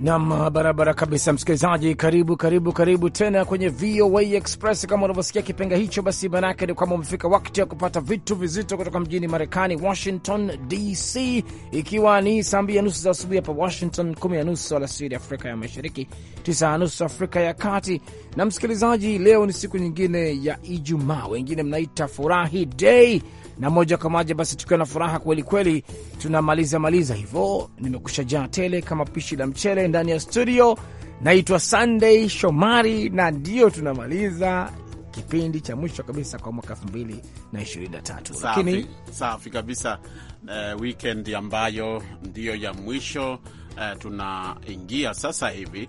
Nam, barabara kabisa, msikilizaji. Karibu, karibu, karibu tena kwenye VOA Express. Kama unavyosikia kipenga hicho, basi manake ni kwamba umefika wakati ya kupata vitu vizito kutoka mjini Marekani, Washington DC, ikiwa ni saa mbili ya nusu za asubuhi hapa Washington, kumi ya nusu alasiri Afrika ya Mashariki, tisa ya nusu Afrika ya Kati. Na msikilizaji, leo ni siku nyingine ya Ijumaa, wengine mnaita furahi day na moja kwa moja basi, tukiwa na furaha kweli kweli, tunamaliza maliza hivyo. Nimekusha jaa tele kama pishi la mchele ndani ya studio. Naitwa Sunday Shomari na ndiyo tunamaliza kipindi cha mwisho kabisa kwa mwaka tatu. Lakini safi kabisa, uh, weekend ambayo ndiyo ya mwisho. Uh, tunaingia sasa hivi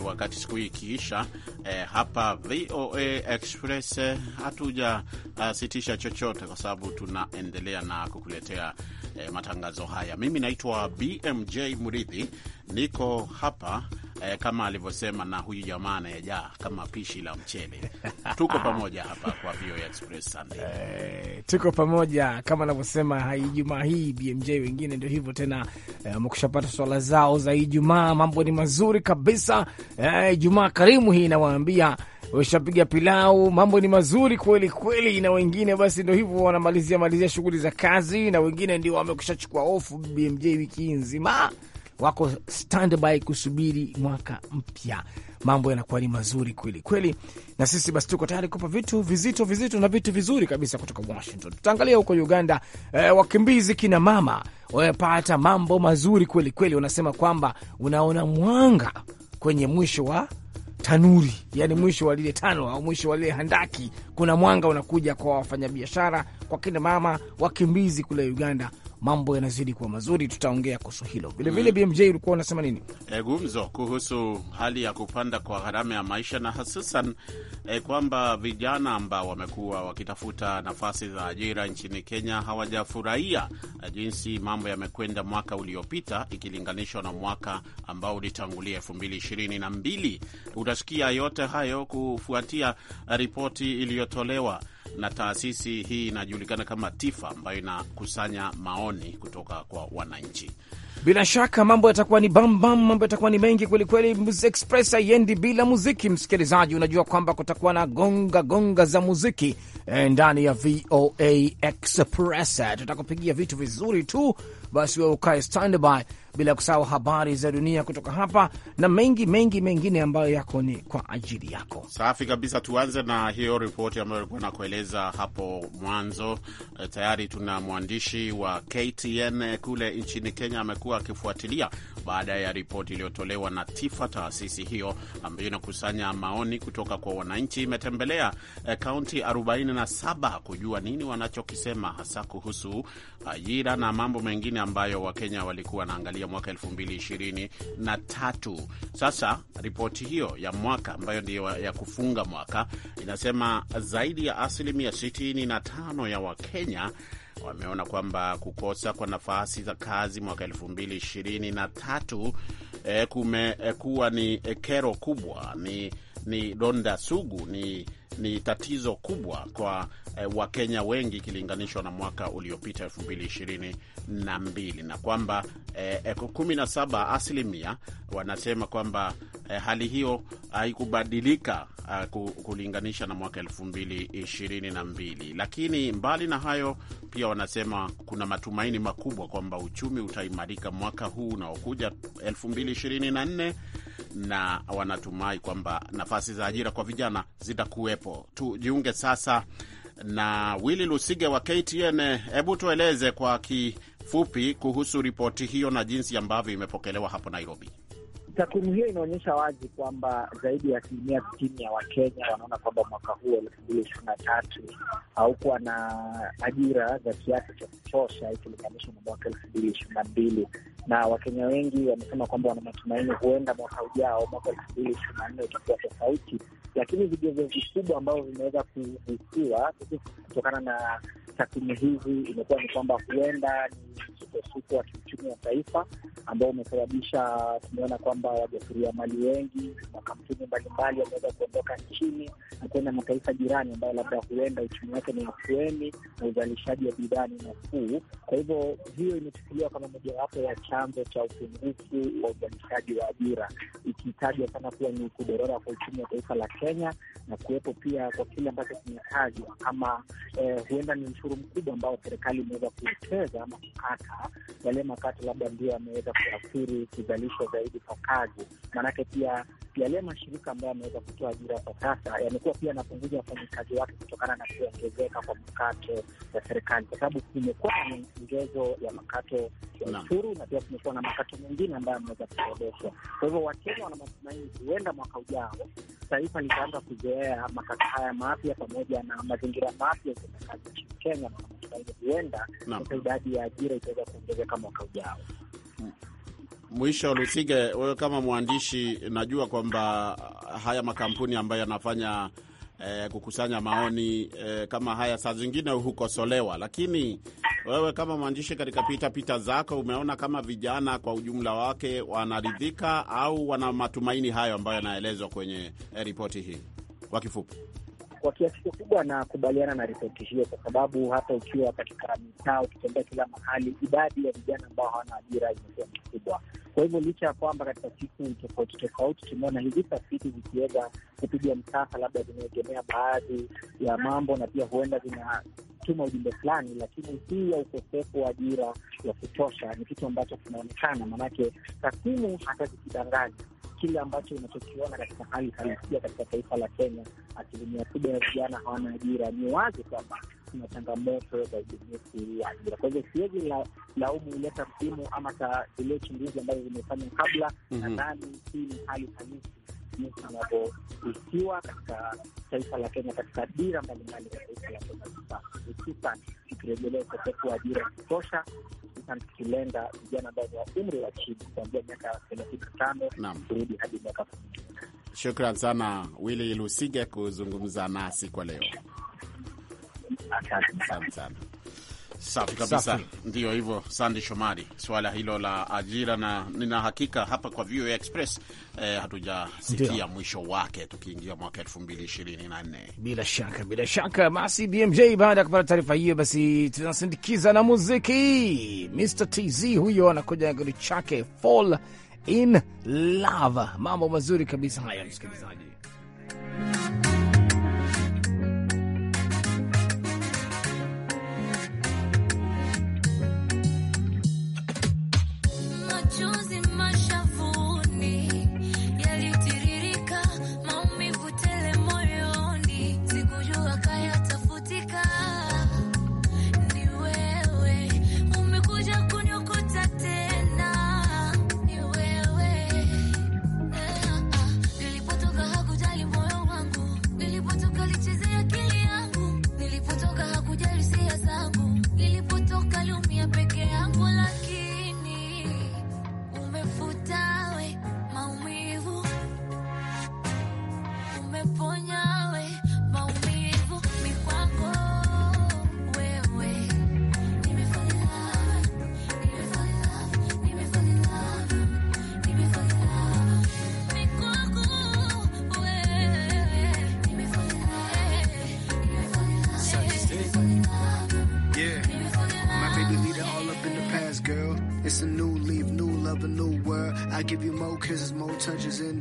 uh, wakati siku hii ikiisha, eh, hapa VOA Express eh, hatuja hatujasitisha eh, sitisha chochote kwa sababu tunaendelea na kukuletea eh, matangazo haya. Mimi naitwa BMJ Muridhi, niko hapa eh, kama alivyosema na huyu jamaa anayejaa kama pishi la mchele. Tuko pamoja hapa kwa VOA Express Sunday. Eh, tuko pamoja kama anavyosema hai Ijumaa hii BMJ, wengine ndio hivyo tena eh, wamekushapata eh, swala zao za Ijumaa. Mambo ni mazuri kabisa eh, Ijumaa karimu hii inawaambia ushapiga pilau, mambo ni mazuri kweli kweli. Na wengine basi ndo hivyo wanamalizia malizia shughuli za kazi, na wengine ndio wamekushachukua ofu BMJ wiki nzima wako standby kusubiri mwaka mpya. Mambo yanakuwa ni mazuri kweli kweli, na sisi basi tuko tayari kupa vitu vizito vizito na vitu vizuri kabisa kutoka Washington. Tutaangalia huko Uganda, eh, wakimbizi kina mama wamepata eh, mambo mazuri kweli kweli. Wanasema kwamba unaona mwanga kwenye mwisho wa tanuri yani, mwisho wa lile tano au mwisho wa lile handaki, kuna mwanga unakuja kwa wafanyabiashara, kwa kina mama wakimbizi kule Uganda mambo yanazidi kuwa mazuri. Tutaongea kuhusu hilo vilevile. Mm. BMJ ulikuwa unasema nini? E, gumzo kuhusu hali ya kupanda kwa gharama ya maisha na hususan e, kwamba vijana ambao wamekuwa wakitafuta nafasi za ajira nchini Kenya hawajafurahia e, jinsi mambo yamekwenda mwaka uliopita ikilinganishwa na mwaka ambao ulitangulia elfu mbili ishirini na mbili. Utasikia yote hayo kufuatia ripoti iliyotolewa na taasisi hii inajulikana kama TIFA ambayo inakusanya maoni kutoka kwa wananchi. Bila shaka mambo yatakuwa ni bambam, mambo yatakuwa ni mengi kwelikweli. Express haiendi bila muziki. Msikilizaji, unajua kwamba kutakuwa na gonga gonga za muziki eh, ndani ya VOA Express. Tutakupigia vitu vizuri tu basi wewe ukae standby, bila kusahau habari za dunia kutoka hapa na mengi mengi mengine ambayo yako ni kwa ajili yako. Safi kabisa, tuanze na hiyo ripoti ambayo ilikuwa nakueleza hapo mwanzo. E, tayari tuna mwandishi wa KTN eh, kule nchini Kenya amekuwa akifuatilia baada ya ripoti iliyotolewa na TIFA, taasisi hiyo ambayo inakusanya maoni kutoka kwa wananchi. Imetembelea eh, kaunti 47 kujua nini wanachokisema hasa kuhusu ajira na mambo mengine mengine ambayo Wakenya walikuwa wanaangalia mwaka elfu mbili ishirini na tatu. Sasa ripoti hiyo ya mwaka ambayo ndiyo ya kufunga mwaka inasema zaidi ya asilimia 65 ya Wakenya wameona kwamba kukosa kwa nafasi za kazi mwaka elfu mbili ishirini na tatu eh, kumekuwa eh, ni eh, kero kubwa ni ni donda sugu, ni, ni tatizo kubwa kwa eh, Wakenya wengi ikilinganishwa na mwaka uliopita ishirini na kwamba eh, 17 eh, asilimia wanasema kwamba eh, hali hiyo haikubadilika eh, kulinganisha na mwaka mbili Lakini mbali na hayo, pia wanasema kuna matumaini makubwa kwamba uchumi utaimarika mwaka huu unaokuja nne na wanatumai kwamba nafasi za ajira kwa vijana zitakuwepo. Tujiunge sasa na willi Lusige wa KTN. Hebu tueleze kwa kifupi kuhusu ripoti hiyo na jinsi ambavyo imepokelewa hapo Nairobi. Takwimu hiyo inaonyesha wazi kwamba zaidi ya asilimia sitini ya Wakenya wanaona kwamba mwaka huu elfu mbili ishirini na tatu haukuwa na ajira za kiasi cha kutosha ikilinganishwa na mwaka elfu mbili ishirini na mbili na Wakenya wengi wamesema kwamba wana matumaini huenda mwaka ujao, mwaka elfu mbili ishirini na nne utakuwa tofauti. Lakini vigezo vikubwa ambavyo vimeweza kuvusiwa kutokana na takwimu hizi imekuwa ni kwamba huenda ni msukosuko wa kiuchumi wa taifa ambao umesababisha, tumeona kwamba wajasiriamali wengi, makampuni mbalimbali wameweza kuondoka nchini na kuenda mataifa jirani ambayo labda huenda uchumi wake ni afueni na uzalishaji wa bidhaa ni nafuu. Kwa hivyo hiyo imechukuliwa kama mojawapo ya chanzo cha upungufu wa uzalishaji wa ajira, ikitajwa sana kuwa ni kudorora kwa uchumi wa taifa la Kenya na kuwepo pia kwa kile ambacho kimetajwa kama eh, huenda ni ushuru mkubwa ambao serikali imeweza kuwekeza makata, yale makata labda ndio yameweza kuathiri kizalisho zaidi kwa kazi, maanake pia yale mashirika ambayo yameweza kutoa ajira kwa sasa yamekuwa pia yanapunguza wafanyakazi wake kutokana na kuongezeka kwa makato ya serikali, kwa sababu kumekuwa na nyongezo ya makato ya ushuru na pia kumekuwa na makato mengine ambayo yameweza kuorodeshwa. Kwa hivyo Wakenya wana matumaini huenda mwaka ujao taifa litaanza kuzoea makato haya mapya pamoja na mazingira mapya ya utendakazi nchini Kenya. na kwa hivyo huenda sasa idadi ya ajira itaweza kuongezeka mwaka ujao. Mwisho Lusige, wewe kama mwandishi, najua kwamba haya makampuni ambayo yanafanya eh, kukusanya maoni eh, kama haya saa zingine hukosolewa, lakini wewe kama mwandishi, katika pita pita zako, umeona kama vijana kwa ujumla wake wanaridhika au wana matumaini hayo ambayo yanaelezwa kwenye eh, ripoti hii? Kwa kifupi kwa kiasi kikubwa anakubaliana na ripoti hiyo, kwa sababu hata ukiwa katika mitaa, ukitembea kila mahali, idadi ya vijana ambao hawana ajira imekuwa ni kubwa. Kwa hivyo licha ya kwamba katika siku tofauti tofauti tumeona hizi tafiti zikiweza kupiga msasa, labda zimeegemea baadhi ya mambo na pia huenda zinatuma ujumbe fulani, lakini hii ya ukosefu wa ajira ya kutosha ni kitu ambacho kinaonekana, maanake takwimu hata zikidanganya kile ambacho unachokiona katika hali halisia katika taifa la Kenya, asilimia kubwa ya vijana hawana ajira, ni wazi kwamba kuna changamoto za ubunifu wa ajira. Kwa hivyo siwezi laumu ile takwimu ama ile uchunguzi ambazo zimefanywa kabla. Mhm. Nadhani hii ni hali halisi jinsi inavyoikiwa katika taifa la Kenya, katika dira mbalimbali za taifa la Kenya, hususan ikirejelea ukosefu wa ajira ya kutosha, kilenda vijana ambao ni wa umri wa chini kuanzia miaka thelathini na tano kurudi hadi miaka. Shukran sana wili Lusige kuzungumza nasi kwa leo, asante sana. Safi kabisa, ndio hivyo Sandi Shomari, swala hilo la ajira, na nina hakika hapa kwa VOA Express eh, hatujasikia mwisho wake tukiingia mwaka nne. bila shaka, bila shaka. Basi BMJ, baada ya kupata taarifa hiyo, basi tunasindikiza na muziki. Mr TZ huyo anakuja na kitu chake Fall in Love, mambo mazuri kabisa haya, msikilizaji.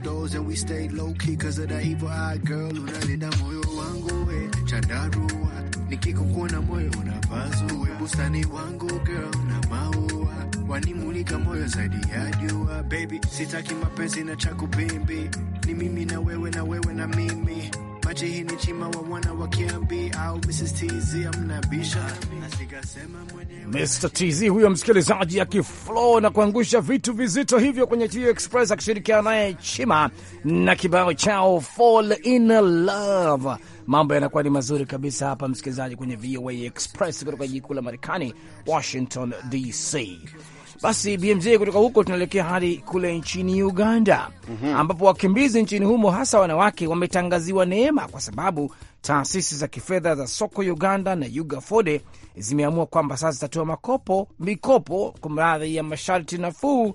windows and we stay low key cause of that evil eye girl. Unalinda moyo wangu we chandarua, nikikukuona moyo unapazua. Bustani wangu girl na maua wanimulika moyo zaidi ya jua. Baby, sitaki mapenzi na chakupimbi ni mimi na wewe na wewe na mimi. Machi hii ni chima wa wana wa kiambi Mr TZ huyo msikilizaji, akiflow na kuangusha vitu vizito hivyo kwenye TU Express akishirikiana naye Chima na kibao chao Fall in Love. Mambo yanakuwa ni mazuri kabisa hapa msikilizaji, kwenye VOA Express kutoka jiji kuu la Marekani, Washington DC. Basi BMJ, kutoka huko tunaelekea hadi kule nchini Uganda, mm -hmm. ambapo wakimbizi nchini humo hasa wanawake wametangaziwa neema kwa sababu Taasisi za kifedha za soko Uganda na Ugafode zimeamua kwamba sasa zitatoa makopo mikopo kwa mradhi ya masharti nafuu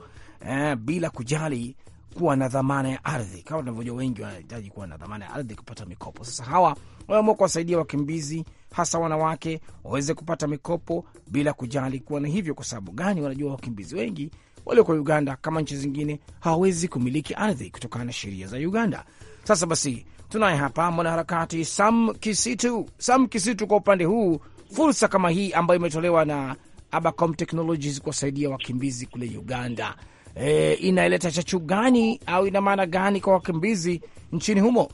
eh, bila kujali kuwa na dhamana ya ardhi. Kama tunavyojua, wengi wanahitaji kuwa na dhamana ya ardhi kupata mikopo. Sasa hawa wameamua kuwasaidia wakimbizi, hasa wanawake, waweze kupata mikopo bila kujali kuwa na hivyo. Kwa sababu gani? Wanajua wakimbizi wengi walioko Uganda, kama nchi zingine, hawawezi kumiliki ardhi kutokana na sheria za Uganda. Sasa basi Tunaye hapa mwanaharakati Sam Kisitu. Sam Kisitu, kwa upande huu fursa kama hii ambayo imetolewa na Abacom Technologies kuwasaidia wakimbizi kule Uganda, e, inaileta chachu gani au ina maana gani kwa wakimbizi nchini humo?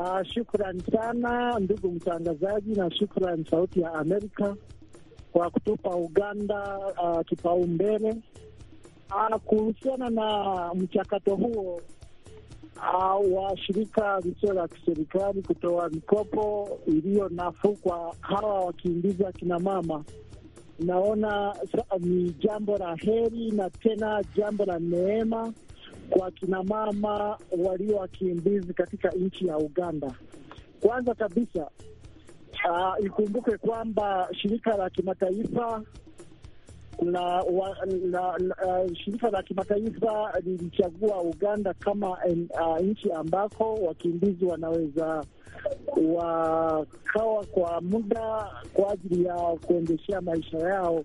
Uh, shukran sana ndugu mtangazaji, na shukran Sauti ya Amerika kwa kutupa Uganda uh, kipaumbele Ah, kuhusiana na mchakato huo uh, wa shirika la kiserikali kutoa mikopo iliyo nafuu kwa hawa wakimbizi akinamama, naona ni jambo la heri na tena jambo la neema kwa kinamama walio wakimbizi katika nchi ya Uganda. Kwanza kabisa, uh, ikumbuke kwamba shirika la kimataifa na, na, na uh, shirika la kimataifa lilichagua Uganda kama uh, nchi ambako wakimbizi wanaweza wakawa kwa muda kwa ajili ya kuendeshea maisha yao,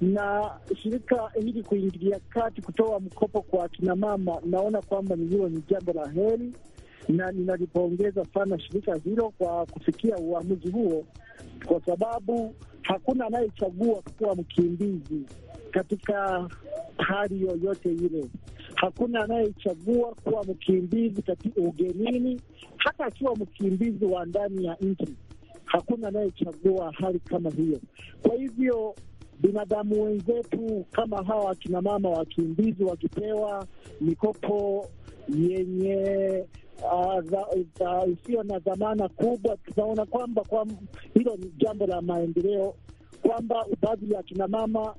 na shirika hili kuingilia kati kutoa mkopo kwa akinamama, naona kwamba hilo ni jambo la heri na ninalipongeza sana shirika hilo kwa kufikia uamuzi huo, kwa sababu Hakuna anayechagua kuwa mkimbizi katika hali yoyote ile. Hakuna anayechagua kuwa mkimbizi katika ugenini, hata akiwa mkimbizi wa ndani ya nchi. Hakuna anayechagua hali kama hiyo. Kwa hivyo binadamu wenzetu kama hawa akinamama wakimbizi wakipewa mikopo yenye Ah, isiyo na dhamana kubwa. Tunaona kwamba kwa hilo ni jambo la maendeleo, kwamba baadhi ya kinamama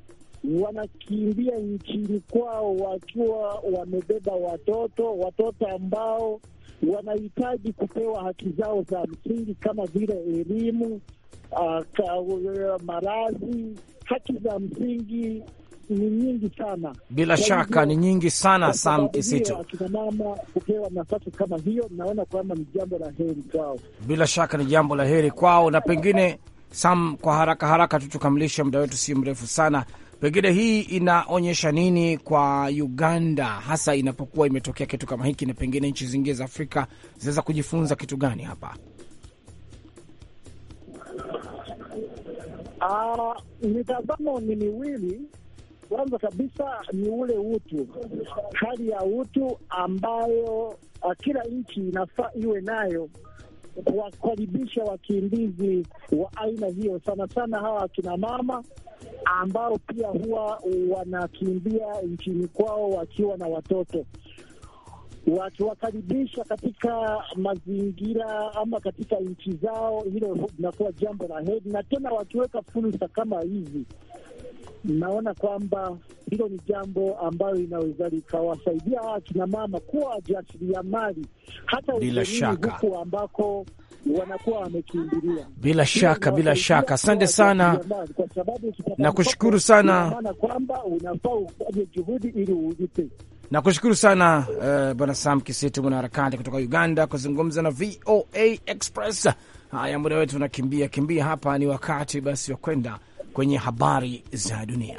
wanakimbia nchini kwao wakiwa wamebeba watoto, watoto ambao wanahitaji kupewa haki zao za msingi kama vile elimu, uh, ah, uh, eh, marazi, haki za msingi ni nyingi sana, bila shaka ni nyingi sana. Sam Kisito, akina mama kupewa nafasi kama hiyo, naona kwamba ni jambo la heri kwao, bila shaka ni jambo la heri kwao. Na pengine Sam, kwa haraka haraka tu tukamilishe, muda wetu si mrefu sana, pengine hii inaonyesha nini kwa Uganda, hasa inapokuwa imetokea kitu kama hiki, na pengine nchi zingine za Afrika zinaweza kujifunza kitu gani hapa? Uh, mitazamo ni miwili kwanza kabisa ni ule utu, hali ya utu ambayo uh, kila nchi inafaa iwe nayo kuwakaribisha wakimbizi wa aina hiyo, sana sana hawa akina mama ambao pia huwa wanakimbia nchini kwao wakiwa na watoto, wakiwakaribisha katika mazingira ama katika nchi zao, hilo linakuwa jambo la heri, na tena wakiweka fursa kama hizi naona kwamba hilo ni jambo ambayo inaweza likawasaidia akina mama kuwa wajasiriamali hata huku ambako wanakuwa wamekimbilia. Bila shaka, bila shaka, asante sana na kushukuru sana, kwamba unafaa ufanye juhudi ili uulipe Nakushukuru sana uh, Bwana Sam Kisitu, mwanaharakati kutoka Uganda, kuzungumza na VOA Express. Haya, muda wetu unakimbia kimbia hapa, ni wakati basi wa kwenda kwenye habari za dunia.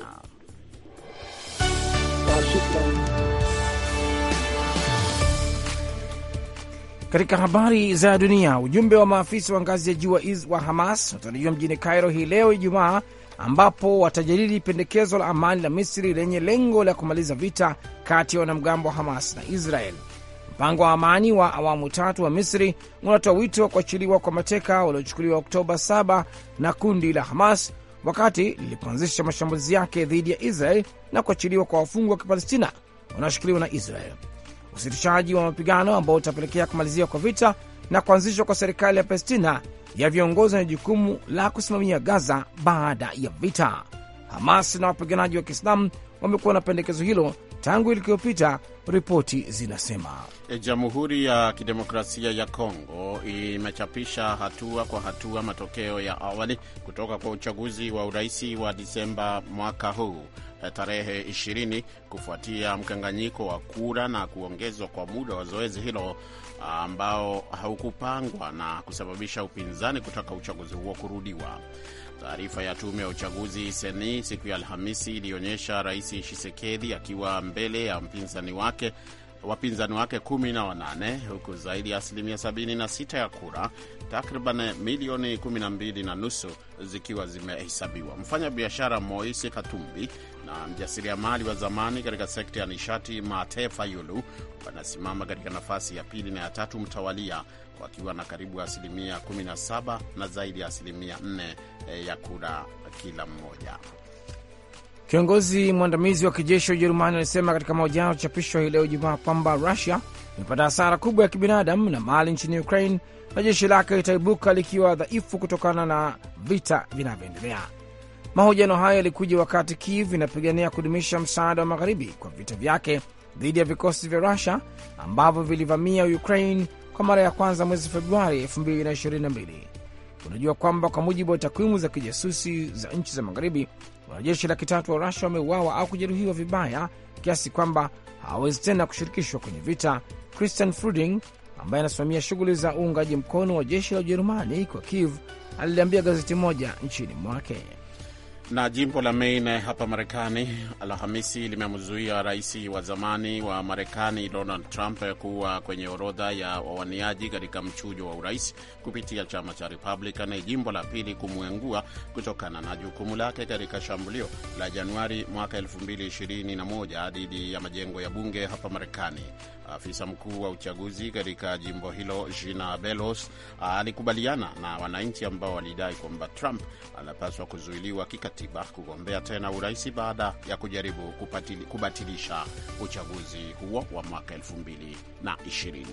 Katika habari za dunia, ujumbe wa maafisa wa ngazi ya juu wa Hamas watarajiwa mjini Cairo hii leo Ijumaa, ambapo watajadili pendekezo la amani la Misri lenye lengo la kumaliza vita kati ya wanamgambo wa Hamas na Israel. Mpango wa amani wa awamu tatu wa Misri unatoa wito wa kuachiliwa kwa mateka waliochukuliwa Oktoba 7 na kundi la Hamas wakati lilipoanzisha mashambulizi yake dhidi ya Israel na kuachiliwa kwa wafungwa wa Kipalestina wanaoshikiliwa na Israel. Usitishaji wa mapigano ambao utapelekea kumalizia kwa vita na kuanzishwa kwa serikali ya Palestina ya viongozi na jukumu la kusimamia Gaza baada ya vita. Hamas na wapiganaji wa Kiislamu wamekuwa na pendekezo hilo tangu ilikiyopita ripoti zinasema. E, Jamhuri ya Kidemokrasia ya Kongo imechapisha hatua kwa hatua matokeo ya awali kutoka kwa uchaguzi wa uraisi wa Disemba mwaka huu. Eh, tarehe 20 kufuatia mkanganyiko wa kura na kuongezwa kwa muda wa zoezi hilo ah, ambao haukupangwa na kusababisha upinzani kutaka uchaguzi huo kurudiwa. Taarifa ya tume ya uchaguzi seni siku ya Alhamisi ilionyesha Rais Tshisekedi akiwa mbele ya mpinzani wake wapinzani wake 18 na huku zaidi ya asilimia 76 ya kura takriban milioni 12 na nusu zikiwa zimehesabiwa. Mfanya biashara Moise Katumbi na mjasiriamali wa zamani katika sekta ya nishati Mate Fayulu wanasimama katika nafasi ya pili na ya tatu mtawalia wakiwa na karibu asilimia 17 na zaidi ya asilimia 4 ya kura kila mmoja. Kiongozi mwandamizi wa kijeshi wa Ujerumani alisema katika mahojiano chapishwa hii leo Jumaa kwamba Rusia imepata hasara kubwa ya kibinadamu na mali nchini Ukraine na jeshi lake litaibuka likiwa dhaifu kutokana na vita vinavyoendelea. Mahojiano hayo yalikuja wakati Kiev inapigania kudumisha msaada wa magharibi kwa vita vyake dhidi ya vikosi vya Rusia ambavyo vilivamia Ukraine kwa mara ya kwanza mwezi Februari 2022. Unajua kwamba kwa mujibu wa takwimu za kijasusi za nchi za magharibi wanajeshi laki tatu wa Rusia wameuawa au kujeruhiwa vibaya kiasi kwamba hawawezi tena kushirikishwa kwenye vita. Christian Fruding ambaye anasimamia shughuli za uungaji mkono wa jeshi la Ujerumani kwa Kiev aliliambia gazeti moja nchini mwake. Na jimbo la Maine hapa Marekani Alhamisi limemzuia rais wa zamani wa Marekani Donald Trump kuwa kwenye orodha ya wawaniaji katika mchujo wa urais kupitia chama cha Republican, jimbo la pili kumwengua kutokana na jukumu lake katika shambulio la Januari mwaka 2021 dhidi ya majengo ya bunge hapa Marekani. Afisa mkuu wa uchaguzi katika jimbo hilo Gina Belos alikubaliana na wananchi ambao walidai kwamba Trump anapaswa kuzuiliwa kikatiba kugombea tena urais baada ya kujaribu kupatili, kubatilisha uchaguzi huo wa mwaka 2020.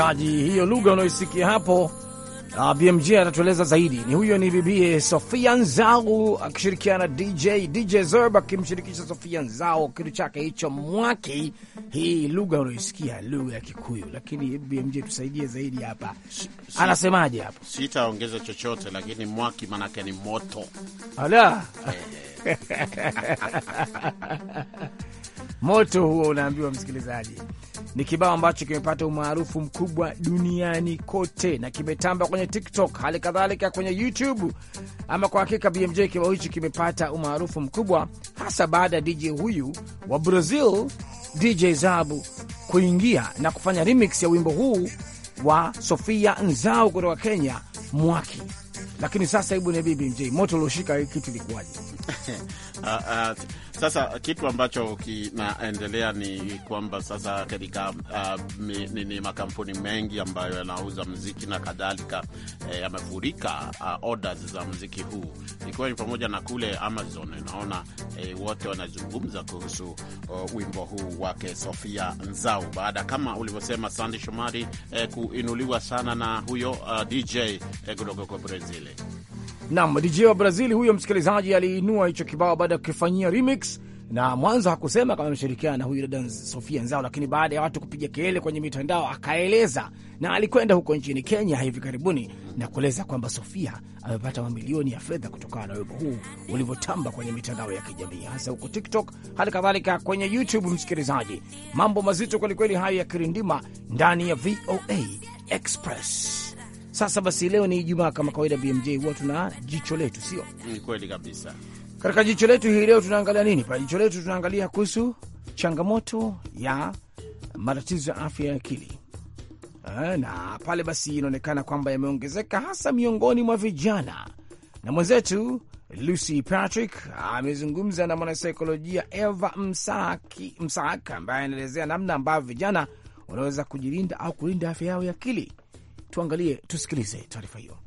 msikilizaji, hiyo lugha unaoisikia hapo uh, ah, BMJ atatueleza zaidi. Ni huyo ni bibie Sofia Nzau akishirikiana DJ DJ Zerb akimshirikisha Sofia Nzau kitu chake hicho mwaki. Hii lugha unaoisikia lugha ya Kikuyu, lakini BMJ tusaidie zaidi hapa, anasemaje hapo? Sitaongeza chochote, lakini mwaki manake ni moto ala eh. moto huo, unaambiwa msikilizaji ni kibao ambacho kimepata umaarufu mkubwa duniani kote na kimetamba kwenye TikTok, hali kadhalika kwenye YouTube. Ama kwa hakika, BMJ, kibao hichi kimepata umaarufu mkubwa hasa baada ya DJ huyu wa Brazil, DJ Zabu, kuingia na kufanya remix ya wimbo huu wa Sofia Nzau kutoka Kenya, Mwaki. Lakini sasa, hebu ni BMJ, moto ulioshika kitu ilikuwaje? Uh, uh, sasa kitu ambacho kinaendelea ni kwamba sasa katika uh, ni makampuni mengi ambayo yanauza mziki na kadhalika eh, yamefurika uh, orders za mziki huu, ikiwa ni pamoja na kule Amazon. Naona eh, wote wanazungumza kuhusu uh, wimbo huu wake Sofia Nzau baada kama ulivyosema Sandi Shomari eh, kuinuliwa sana na huyo uh, DJ eh, kutoka eh, kwa Brazili. Nam DJ wa Brazil huyo msikilizaji aliinua hicho kibao baada ya kukifanyia remix, na mwanzo hakusema kama ameshirikiana na huyu dada Sofia Nzao, lakini baada ya watu kupiga kelele kwenye mitandao akaeleza, na alikwenda huko nchini Kenya hivi karibuni na kueleza kwamba Sofia amepata mamilioni ya fedha kutokana na wimbo huu ulivyotamba kwenye mitandao ya kijamii, hasa huko TikTok, hali kadhalika kwenye YouTube. Msikilizaji, mambo mazito kwelikweli hayo ya kirindima ndani ya VOA Express. Sasa basi, leo ni Ijumaa kama kawaida, BMJ huwa tuna jicho letu, sio ni kweli kabisa. Katika jicho letu hii leo tunaangalia nini? Pa jicho letu tunaangalia kuhusu changamoto ya matatizo ya afya ya akili, eh, na pale basi inaonekana kwamba yameongezeka hasa miongoni mwa vijana, na mwenzetu Lucy Patrick amezungumza na mwanasaikolojia Eva Msaaki ambaye anaelezea namna ambavyo vijana wanaweza kujilinda au kulinda afya yao ya akili. Tuangalie, tusikilize taarifa hiyo.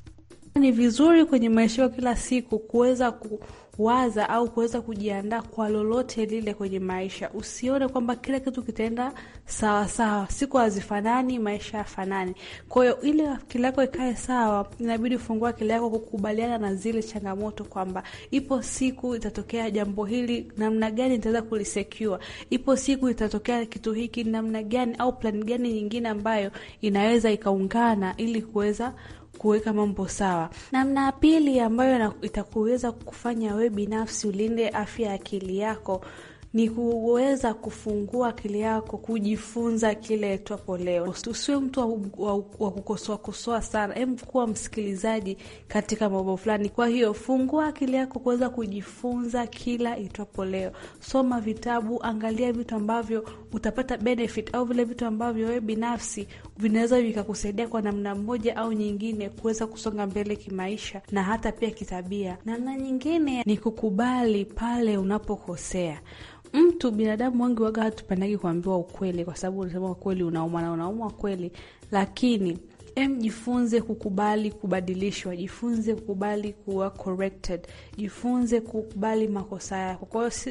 Ni vizuri kwenye maisha yako kila siku kuweza kuwaza au kuweza kujiandaa kwa lolote lile kwenye maisha. Usione kwamba kila kitu kitaenda sawasawa, siku hazifanani, maisha hayafanani. Kwa hiyo ili akili yako ikae sawa, inabidi ufungue akili yako kukubaliana na zile changamoto, kwamba ipo siku itatokea jambo hili, namna gani nitaweza kulisecure. Ipo siku itatokea kitu hiki, namna gani au plani gani nyingine ambayo inaweza ikaungana ili kuweza kuweka mambo sawa. Namna ya pili ambayo itakuweza kufanya wewe binafsi ulinde afya ya akili yako ni kuweza kufungua akili yako, kujifunza kile twapo leo. Usiwe mtu wa, wa, wa kukosoa kosoa sana, em, kuwa msikilizaji katika mambo fulani. Kwa hiyo fungua akili yako kuweza kujifunza kila itwapo leo. Soma vitabu, angalia vitu ambavyo utapata benefit au vile vitu ambavyo wewe binafsi vinaweza vikakusaidia kwa namna moja au nyingine kuweza kusonga mbele kimaisha na hata pia kitabia. Namna nyingine ni kukubali pale unapokosea mtu binadamu wengi waga hatupendagi kuambiwa ukweli, kwa sababu unasema ukweli unauma na unauma kweli, lakini em, jifunze kukubali kubadilishwa, jifunze kukubali kuwa corrected, jifunze kukubali makosa yako,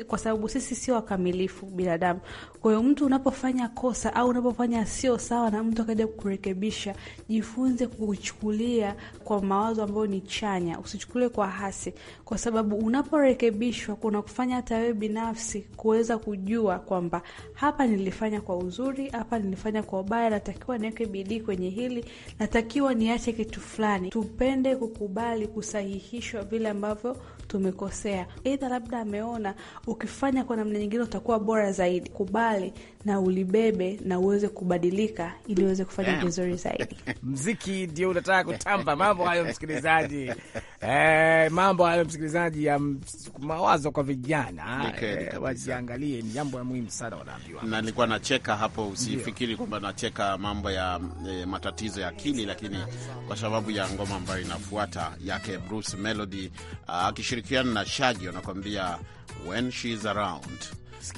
kwa, sababu sisi sio wakamilifu binadamu. Kwa hiyo mtu unapofanya kosa au unapofanya sio sawa na mtu akaja kukurekebisha, jifunze kuchukulia kwa mawazo ambayo ni chanya, usichukulie kwa hasi, kwa sababu unaporekebishwa kuna kufanya hata wewe binafsi kuweza kujua kwamba hapa nilifanya kwa uzuri, hapa nilifanya kwa ubaya, natakiwa niweke bidii kwenye hili natakiwa niache kitu fulani. Tupende kukubali kusahihishwa vile ambavyo tumekosea, aidha labda ameona ukifanya kwa namna nyingine utakuwa bora zaidi. Kubali na ulibebe na uweze kubadilika ili uweze kufanya vizuri zaidi. Mziki ndio unataka kutamba mambo hayo, msikilizaji Eh, mambo hayo msikilizaji, ya mawazo kwa vijana eh, wajiangalie, ni jambo la muhimu sana wanaambiwa. Na nilikuwa nacheka hapo, usifikiri kwamba nacheka mambo ya eh, matatizo ya akili, lakini kwa sababu ya ngoma ambayo inafuata yake Bruce Melody akishirikiana uh, na Shaggy anakuambia when she's around.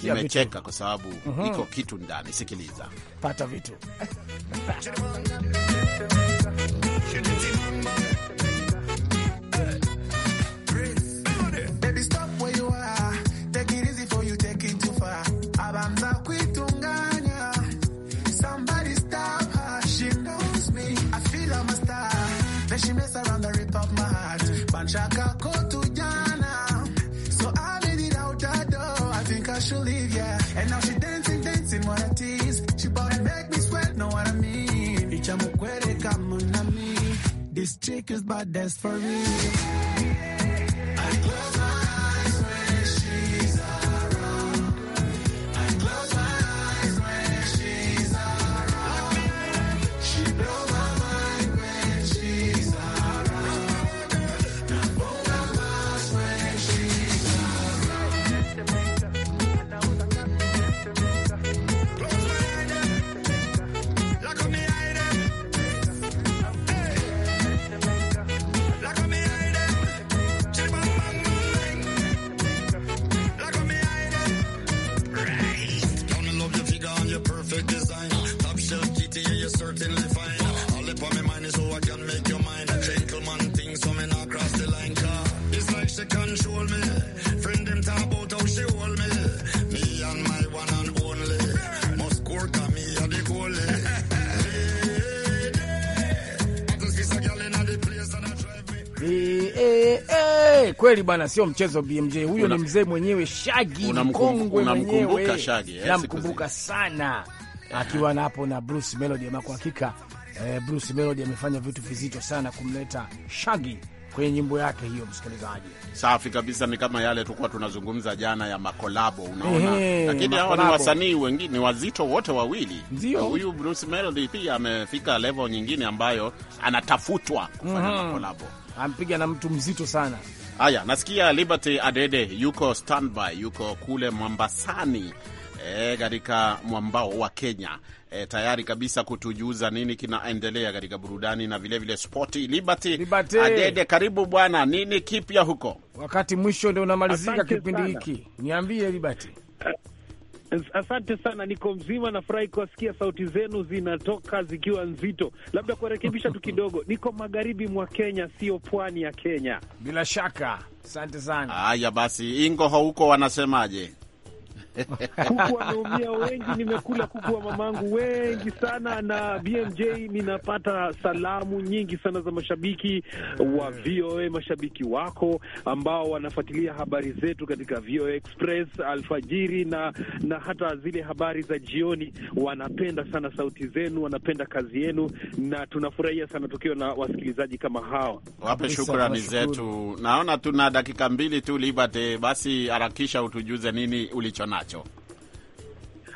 Nimecheka kwa sababu uh mhm. -huh, iko kitu ndani. Sikiliza, pata vitu rip up my heart. Banchaka go to Ghana. So I made it out that door. I think I should leave, yeah. And now she dancing, dancing, what a tease. She about make me sweat, know what I mean. Ichamukwere, come on me. This chick is bad, that's for me. I love her. All up on my mind is so I can make your mind. Gentleman so me not cross the line. Car. It's like she control me. Friend them talk about how she hold me. Me and my one and only. Must me the goalie. Hey, hey, hey. Kweli bana, sio mchezo BMJ. Huyo ni mzee mwenyewe Shagi, mkongwe mwenyewe, eh, namkumbuka sana akiwa napo na Bruce Melody. Ama kwa hakika eh, Bruce Melody amefanya vitu vizito sana kumleta Shaggy kwenye nyimbo yake hiyo, msikilizaji. Safi kabisa, ni kama yale tulikuwa tunazungumza jana ya makolabo, unaona. Lakini hawa ni wasanii wengine wazito wote wawili. Huyu Bruce Melody pia amefika level nyingine ambayo anatafutwa kufanya mm -hmm. makolabo, ampiga na mtu mzito sana. Haya, nasikia Liberty Adede yuko standby, yuko kule Mwambasani Eh, katika e, mwambao wa Kenya e, tayari kabisa kutujuza nini kinaendelea katika burudani na vilevile spoti. Liberty, Liberty Adede, karibu bwana, nini kipya huko? Wakati mwisho ndio unamalizika kipindi hiki, niambie Liberty. Asante sana, niko mzima, nafurahi kuwasikia sauti zenu zinatoka zikiwa nzito. Labda kuwarekebisha tu kidogo, niko magharibi mwa Kenya, sio pwani ya Kenya. Bila shaka, asante sana. Haya basi, Ingo huko wanasemaje? kuku wameumia wengi, nimekula kuku wa mamangu wengi sana. Na BMJ, ninapata salamu nyingi sana za mashabiki wa VOA, mashabiki wako ambao wanafuatilia habari zetu katika VOA Express alfajiri na, na hata zile habari za jioni. Wanapenda sana sauti zenu, wanapenda kazi yenu, na tunafurahia sana tukiwa na wasikilizaji kama hawa. Wape shukrani zetu. Naona tuna dakika mbili tu, Liberty, basi harakisha utujuze nini nacho. Cacho.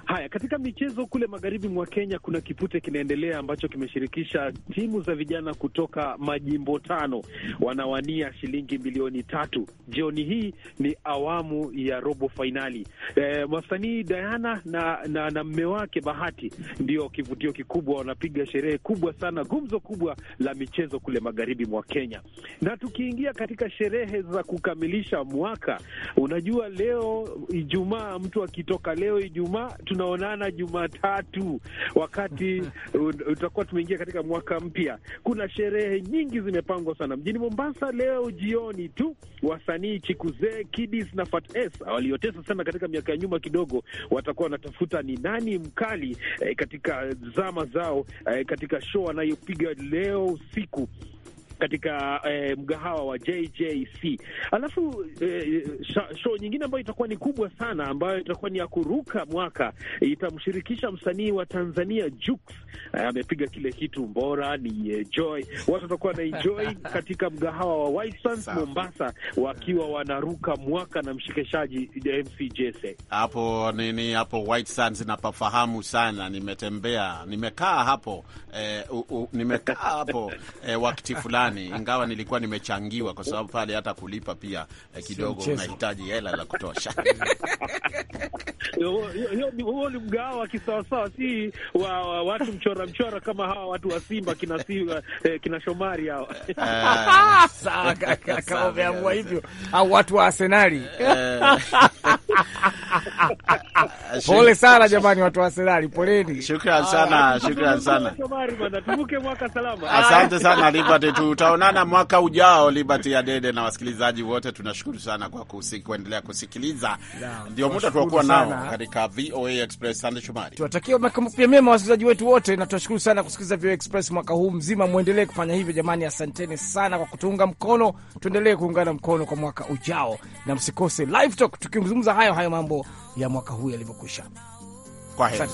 Haya, katika michezo kule magharibi mwa Kenya kuna kipute kinaendelea ambacho kimeshirikisha timu za vijana kutoka majimbo tano, wanawania shilingi milioni tatu. Jioni hii ni awamu ya robo fainali. E, eh, wasanii Diana na, na, na mme wake Bahati ndio kivutio kikubwa, wanapiga sherehe kubwa sana, gumzo kubwa la michezo kule magharibi mwa Kenya. Na tukiingia katika sherehe za kukamilisha mwaka, unajua leo Ijumaa, mtu akitoka leo Ijumaa tunaonana Jumatatu wakati tutakuwa tumeingia katika mwaka mpya. Kuna sherehe nyingi zimepangwa sana mjini Mombasa leo jioni tu. Wasanii Chikuzee, Kidis na Fates waliotesa sana katika miaka ya nyuma kidogo, watakuwa wanatafuta ni nani mkali eh, katika zama zao eh, katika show anayopiga leo usiku katika eh, mgahawa wa JJC. Alafu eh, show nyingine ambayo itakuwa ni kubwa sana ambayo itakuwa ni ya kuruka mwaka itamshirikisha msanii wa Tanzania Jux, eh, amepiga eh, kile kitu mbora ni eh, Joy. Watu watakuwa na enjoy katika mgahawa wa White Sands Mombasa, wakiwa wanaruka mwaka na mshikeshaji eh, MC Jesse hapo nini hapo White Sands. Napafahamu sana, nimetembea, nimekaa hapo eh, u, u, nimekaa hapo eh, wakati fulani fulani, ingawa nilikuwa nimechangiwa, kwa sababu pale hata kulipa pia eh, kidogo unahitaji hela la kutosha. Huo ni mgao wa kisawasawa, si wa watu mchora mchora kama hawa watu wa Simba kina Simba eh, kina Shomari hawa eh, kama wameamua hivyo, au watu wa Arsenali Pole sana jamani, watu wa Serali, poleni. Shukran sana, ah, shukran sana, asante ah. sana Liberty. Tutaonana mwaka ujao, Liberty ya Dede na wasikilizaji wote, tunashukuru sana kwa kusi, kuendelea kusikiliza. Ndio muda tuakuwa nao katika VOA Express. Sande Shumari, tuwatakia mwaka mpya mema wasikilizaji wetu wote, na tunashukuru sana kusikiliza VOA Express mwaka huu mzima. Mwendelee kufanya hivyo jamani, asanteni sana kwa kutuunga mkono. Tuendelee kuungana mkono kwa mwaka ujao, na msikose Live Talk tukizungumza haya hayo hayo mambo ya mwaka huu yalivyokwisha. Kwa heri.